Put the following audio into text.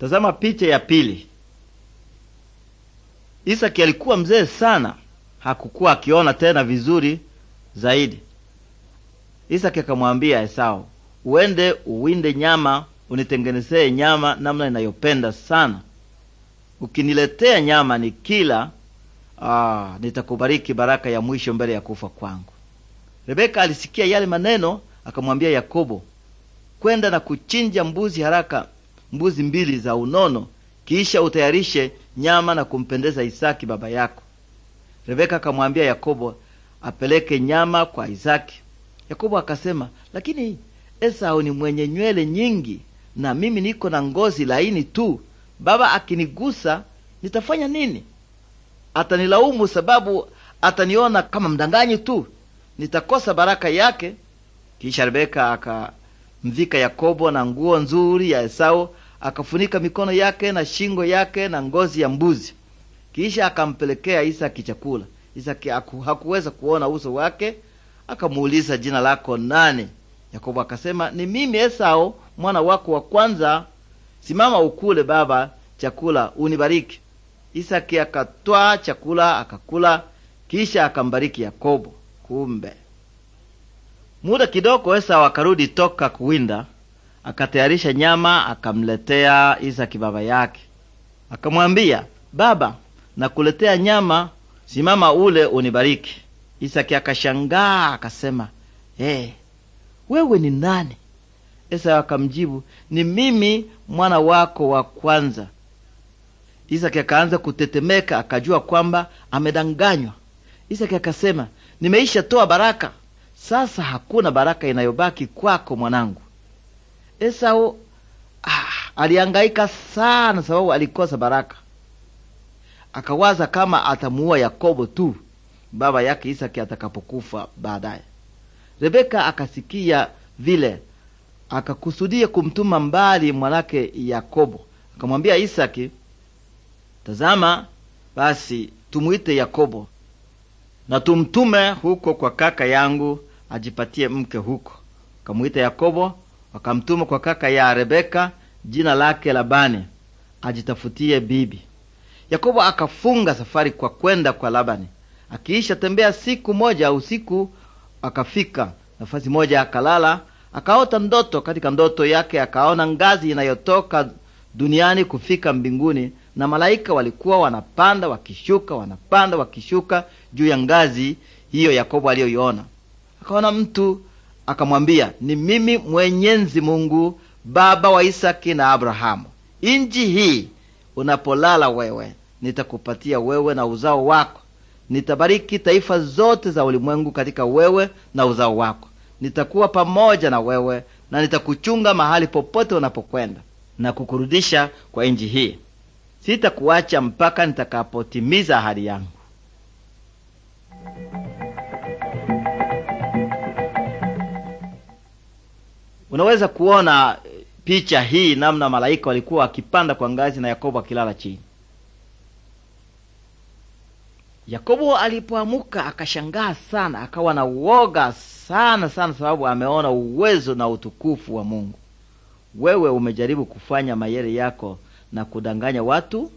Tazama picha ya pili. Isaki alikuwa mzee sana, hakukuwa akiona tena vizuri zaidi. Isaki akamwambia Esau, uende uwinde nyama, unitengenezee nyama namna inayopenda sana. Ukiniletea nyama ni kila Ah, nitakubariki baraka ya mwisho mbele ya kufa kwangu. Rebeka alisikia yale maneno, akamwambia Yakobo, kwenda na kuchinja mbuzi haraka mbuzi mbili za unono, kisha utayarishe nyama na kumpendeza Isaki baba yako. Rebeka akamwambia Yakobo apeleke nyama kwa Isaki. Yakobo akasema, lakini Esau ni mwenye nywele nyingi na mimi niko na ngozi laini tu. Baba akinigusa nitafanya nini? Atanilaumu sababu ataniona kama mdanganyi tu, nitakosa baraka yake. Kisha Rebeka akamvika Yakobo na nguo nzuri ya Esau akafunika mikono yake na shingo yake na ngozi ya mbuzi. Kisha akampelekea Isaki chakula. Isaki hakuweza kuona uso wake, akamuuliza, jina lako nani? Yakobo akasema, ni mimi Esau, mwana wako wa kwanza. Simama ukule baba chakula, unibariki. Isaki akatwaa chakula akakula, kisha akambariki Yakobo. Kumbe muda kidogo Esau akarudi toka kuwinda akatayarisha nyama, akamletea Isaki baba yake, akamwambia, baba, nakuletea nyama, simama ule unibariki. Isaki akashangaa akasema, hey, eh, wewe ni nani? Esau akamjibu, ni mimi mwana wako wa kwanza. Isaki akaanza kutetemeka, akajua kwamba amedanganywa. Isaki akasema, nimeisha toa baraka, sasa hakuna baraka inayobaki kwako mwanangu. Esau ah, aliangaika sana sababu alikosa baraka. Akawaza kama atamuua Yakobo tu baba yake Isaki atakapokufa baadaye. Rebeka akasikia vile, akakusudia kumtuma mbali mwanake Yakobo. Akamwambia Isaki, tazama basi tumuite Yakobo na tumtume huko kwa kaka yangu ajipatie mke huko. Akamwita Yakobo wakamtuma kwa kaka ya Rebeka jina lake Labani ajitafutie bibi. Yakobo akafunga safari kwa kwenda kwa Labani. Akiisha tembea siku moja usiku, akafika nafasi moja, akalala. Akaota ndoto. Katika ndoto yake akaona ngazi inayotoka duniani kufika mbinguni, na malaika walikuwa wanapanda wakishuka, wanapanda wakishuka juu ya ngazi hiyo Yakobo aliyoiona. Akaona mtu akamwambia, ni mimi Mwenyezi Mungu, baba wa Isaki na Abrahamu. Inji hii unapolala wewe, nitakupatia wewe na uzao wako. Nitabariki taifa zote za ulimwengu katika wewe na uzao wako. Nitakuwa pamoja na wewe na nitakuchunga mahali popote unapokwenda na kukurudisha kwa inji hii. Sitakuacha mpaka nitakapotimiza ahadi yangu. Unaweza kuona eh, picha hii namna malaika walikuwa akipanda kwa ngazi na Yakobo akilala chini. Yakobo alipoamuka akashangaa sana, akawa na uoga sana sana, sababu ameona uwezo na utukufu wa Mungu. Wewe umejaribu kufanya mayere yako na kudanganya watu